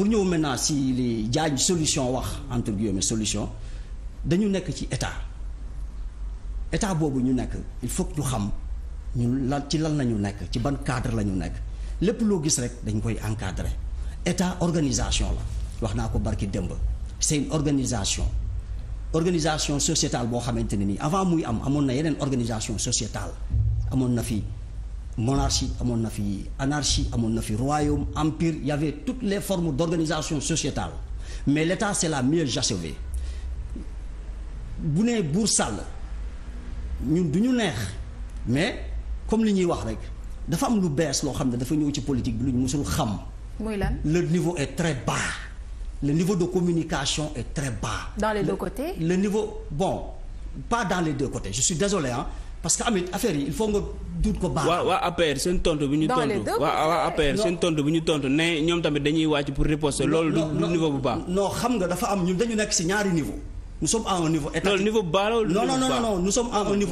pour ñëw maintenant si li jaaj solution wax entre guillemets solution dañu nekk ci état état boobu ñu nekk il faut ñu xam ñu la ci lan la ñu nekk ci ban cadre la ñu nekk lépp loo gis rek dañ koy encadrer état organisation la wax naa ko barki démb c'est organisation organisation sociétale boo xamante ne nii avant muy am amoon na yeneen organisation sociétale amoon na fii monarchie amoon na fi anarchie amoon na fi royaume empire il y avait toutes les formes d'organisation sociétale mais l'État c'est la mieux achevée bu nee buur sàll ñun du ñu neex mais comme li ñuy wax rek dafa am lu bees loo xam ne dafa ñëw ci politique bi lu ñu musul xam. muy lan le niveau est très bas le niveau de communication est très bas. dans les le, deux côtés. le niveau bon pas dans les deux côtés je suis désolé parce que am it affaire yi il faut nga duut ko baax. waa waa APR seen tontu bu ñu tontu waa waa APR seen tontu ñu tontu ne ñoom tamit dañuy wàcc pour riposter loolu du niveau bu baax. non xam nga dafa am ñu dañu nekk si ñaari niveau. nous sommes à niveau étatique loolu niveau baax la non non non non nous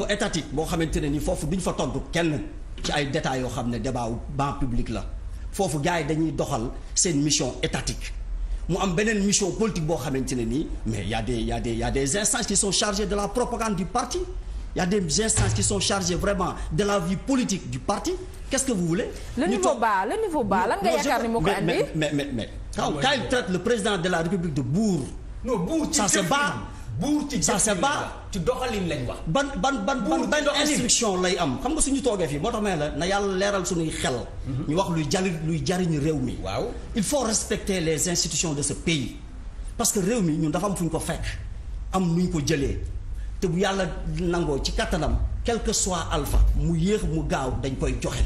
boo xamante ne ni foofu duñ fa tontu kenn ci ay détails yoo xam ne débat ban public la foofu gars yi dañuy doxal seen mission étatique. mu am beneen mission politique boo xamante ne nii mais yaa a des y a des y la propagande du parti. y a des instances qui sont chargées vraiment de la vie politique du parti qu'est-ce que vous voulez. le niveau bas le niveau bas lan nga yaakaar ni moo ko andi. mais mais mais ah quand il traite le président de la république de bourg. non bourg ci jëf buur ci ça c'est bas ci doxalin lañ wax. ban ban ban ban ban instruction lay am xam nga suñu toogee fii moo tax ma ne la na yàlla leeral suñuy xel. Mhm. ñu wax luy jariñ luy jariñ réew mi. waaw il faut respecter les institutions de ce pays. parce que réew mi ñun dafa am fu ñu ko fekk am nu ñu ko jëlee. te bu yàlla nangoo ci kattanam quel que soit alpha mu yéex mu gaaw dañ koy joxe.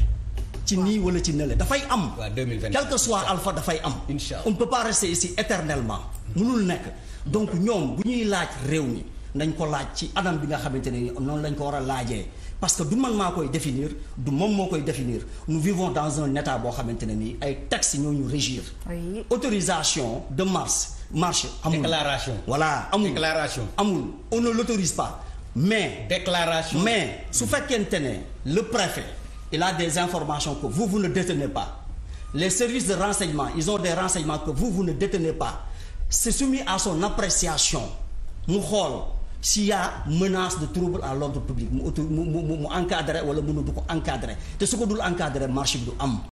ci nii wala ci nele dafay am. quel que soit alpha dafay am. on ne peut pas rester éternellement. mënul nekk donc ñoom bu ñuy laaj réew mi. nañ ko laaj ci anam bi nga xamante ne noonu lañ ko war a laajee parce que du man maa koy définir du moom moo koy définir nous vivons dans un état boo xamante ne nii ay textes ñoo ñu régir. autorisation de marche marche amul déclaration. voilà amul déclaration amul on ne l'autorise pas mais. déclaration mais su fekkente ne le préfet il a des informations que vous vous ne détenez pas. les services de renseignement ils ont des renseignements que vous vous ne détenez pas c'est soumis à son appréciation mu xool s'il y a menace de trouble à l'ordre public mu auto mu mu mu encadré wala mënu du ko encadré te su ko dul encadré marche bi du am